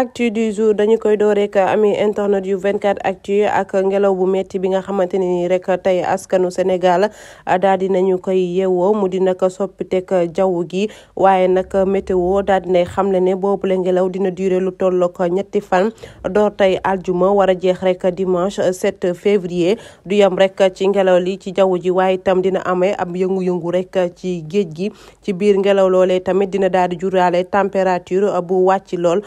actu du jour dañu koy door rek ami internet yu 24 actu ak ngelaw bu metti bi nga xamante ne nii rek tey askanu Sénégal daal di nañu koy yeewoo mu di nag soppiteg jaww gi waaye nag météo daal di nay xamle ne boobu la ngelaw dina durer lu tolloog ñetti fan door tey aljuma war a jeex rek dimanche 7 février du yem rek ci ngelaw li ci jaww ji waaye tam dina amee ab yëngu-yëngu rek ci géej gi ci biir ngelaw loole tamit dina daal di juraale température bu wàcc lool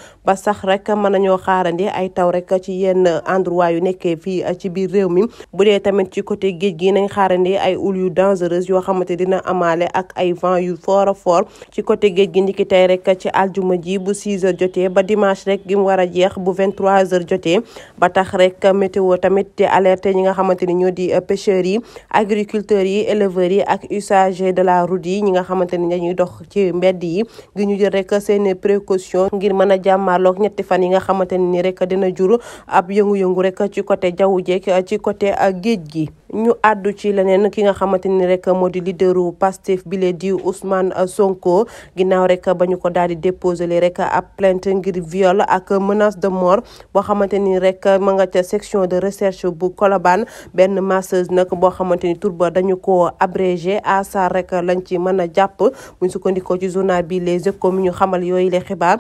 ndax rek mën ñoo xaarandi ay taw rek ci yenn endroit yu nekkee fii ci biir réew mi bu dee tamit ci côté géej gi nañ xaarandi ay houle yu dangereuse yoo xamante dina amale ak ay vent yu fort a ci côté géej gi ndiki tey rek ci aljuma ji bu 6 heures jotee ba dimanche rek gi mu war a jeex bu 23 heures jotee ba tax rek météo tamit di alerté ñi nga xamante ni ñoo di pêcheurs yi agriculteurs yi éleveurs yi ak usagers de la route yi ñi nga xamante ni dañuy dox ci mbedd yi gi ñu jël rek seen ngir mën a ñetti yi nga xamante ne ni rek dina jur ab yëngu-yëngu rek ci côté jaww jeeg ci côté géej gi ñu àddu ci leneen ki nga xamante ni rek moo di leaderu Pastef bile di Ousmane Sonko ginnaaw rek ba ñu ko daal di déposé rek ab plainte ngir viol ak menace de mort boo xamante ni rek ma nga ca section de recherche bu Colobane benn masseuse nag boo xamante ni tur ba dañu ko abrégé asar rek lañ ci mën a jàpp mu sukkandikoo ci journal bi Les Échos mu ñu xamal yooyu les xibaar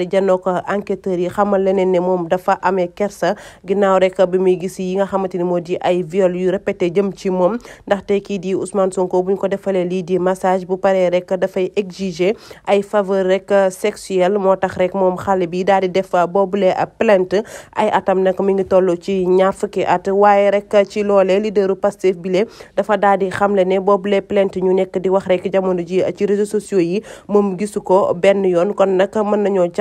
daal di janook enquêteurs yi xamal leneen ne moom dafa amee kersa ginaaw rek bi muy gis yi nga xamante ni moo di ay viol yu répété jëm ci moom ndaxte kii di Ousmane Sonko buñ ko defalee lii di massage bu paree rek dafay exiger ay faveur rek sexuelle moo tax rek moom xale bi daal di def boobule plainte ay atam nag mi ngi toll ci ñaar fukki at waaye rek ci loolee leaderu Pastef bile dafa daal di xamle ne boobule plainte ñu nekk di wax rek jamono ji ci réseaux yi moom gisu ko benn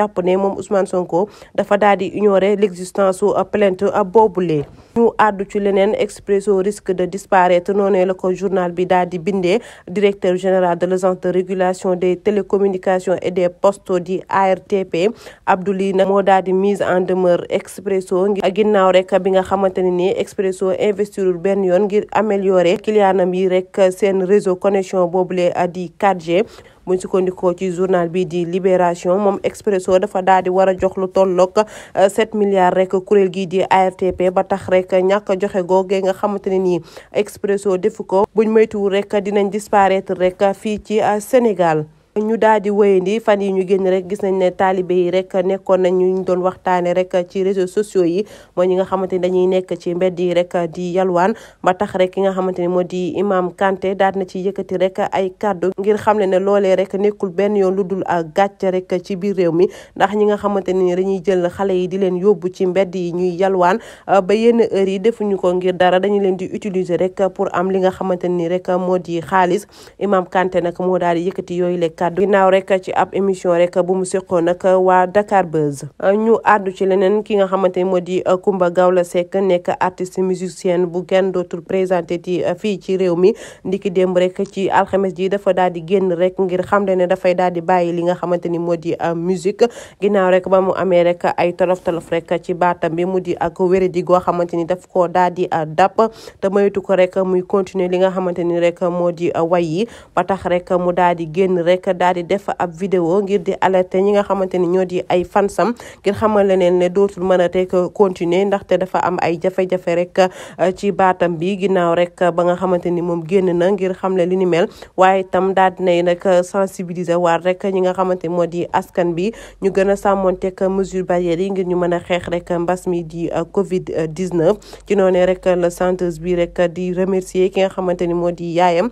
jàpp ne moom Ousmane Sonko dafa daal di ignorer l'existence su euh, plainte euh, boobule. ñu àddu ci leneen Expresso risque de disparaître noonee la ko journal bi daal di bindee directeur général de l'agence de régulation des télécommunications et des postes di ARTP Abdoulaye nag moo daal di mise en demeure Expresso ngir euh, ginnaaw rek bi nga xamante ne nii Expresso investiru benn yoon ngir améliorer clientam yi rek seen réseau connexion boobule di 4 buñ sukkandikoo ci journal bi di libération moom Expresso dafa daal di war a jox lu tolloog 7 euh, milliards rek kuréel gii di ARTP ba tax rek ñàkk joxe googee nga xamante ne nii Expresso defu ko buñ moytuwul rek dinañ disparaître rek fii ci euh, Sénégal ñu daal di wéyandi fan yi ñu génn rek gis nañ ne taalibe yi rek nekkoon nañ ñu doon waxtaane rek ci réseaux sociaux yi mooy ñi nga xamante ni dañuy nekk ci mbedd yi rek di yalwaan ba tax rek ki nga xamante ni moo di imam Kanté daal na ci yëkkati rek ay kàddu ngir xamle ne loolee rek nekkul benn yoon lu dul ak rek ci biir réew mi ndax ñi nga xamante ni dañuy jël xale yi di leen yóbbu ci mbedd yi ñuy yalwaan ba yenn heure yi defuñu ko ngir dara dañu leen di utiliser rek pour am li nga xamante ni rek moo di xaalis imam Kanté nag moo daal di yëkkati yooyu lekk kàddu ginnaaw rek ci ab émission rek bu mu seqoon nag waa Dakar Buzz ñu addu ci leneen ki nga xamante ni moo di Coumba Gawlo Seck nekk artiste musicienne bu kenn dootul présenté ci fii ci réew mi ndiki démb rek ci alxames ji dafa daal di génn rek ngir xamle ne dafay daal di bàyyi li nga xamante ni moo di euh, musique ginaaw rek ba mu amee rek ay tolof tolof rek ci baatam bi mu di ak wéradi goo xamante ni daf koo daal di euh, dàpp te moytu ko rek muy continuer li nga xamante ni rek moo di euh, way yi ba tax rek mu daal di génn rek daal di def ab vidéo ngir di alerter ñi nga xamante ni ñoo di ay fansam ngir xamal leen ne dootul mën a teg continuer ndaxte dafa am ay jafe-jafe rek euh, ci baatam bi ginnaaw rek ba nga xamante ni moom génn na ngir xamle li ni mel waaye itam daal di nay nag sensibiliser waar rek ñi nga xamante moo di askan bi ñu gën a sàmmonteeg mesure barrières yi ngir ñu mën a xeex rek mbas mi di euh, Covid 19 ci noonu rek la chanteuse bi rek di remercier ki nga xamante ni moo di yaayam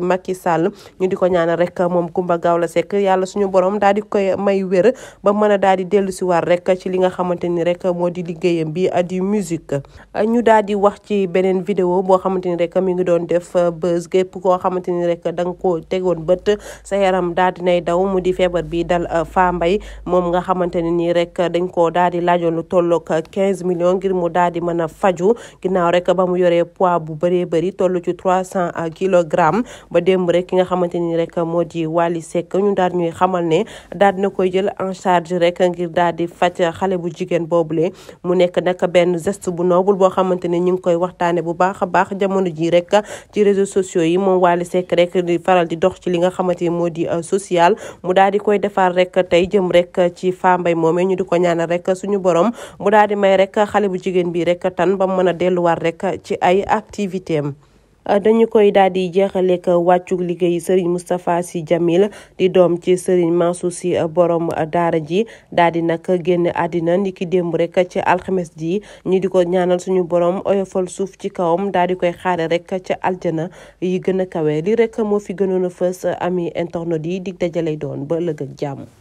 di Macky Sall ñu di ko ñaanal rek moom gaaw la Seck yàlla suñu borom daal di koy may wér ba mën a daal di dellu si war rek ci li nga xamante ni rek moo di liggéeyam bi di musique ñu daal di wax ci beneen vidéo boo xamante ni rek mi ngi doon def buzz gépp koo xamante ni rek da nga koo tegoon bët sa yaram daal di nay daw mu di feebar bi dal Fa Mbaye moom nga xamante ne nii rek dañ ko daal di laajoon lu tolloog 15 millions ngir mu daal di mën a faju ginnaaw rek ba mu yoree pois bu bëree bëri toll ci 300 kilogrammes ba démb rek ki nga xamante ni rek moo di Wally Seck ñu daal ñuy xamal ne daal na koy jël en charge rek ngir daal di faj xale bu jigéen boobule mu nekk nag benn geste bu noble boo xamante ne ñu ngi koy waxtaane bu baax a baax jamono ji rek ci réseaux sociaux yi moom Wally Seck rek di faral di dox ci li nga xamante ni moo di euh, social mu daal di koy defar rek tey jëm rek ci Fambaye moomee ñu di ko ñaanal rek suñu borom mu daal di may rek xale bu jigéen bi rek tan ba mën a delluwaat rek ci ay activité am dañu koy daal di jeexaleeg wàccug liggéey Serigne si Sy Djamil di doom ci Serigne Mansour Sy borom daara ji daal di nag génn àddina ni ki démb rekk ci alxames ji ñi di ko ñaanal suñu borom oyofal suuf ci kawam daal di koy xaare rek ci aljana yi gën a kawe li rekk moo fi gënoon a fës ami internet yi di dajalay doon ba ëllëg ak jàmm.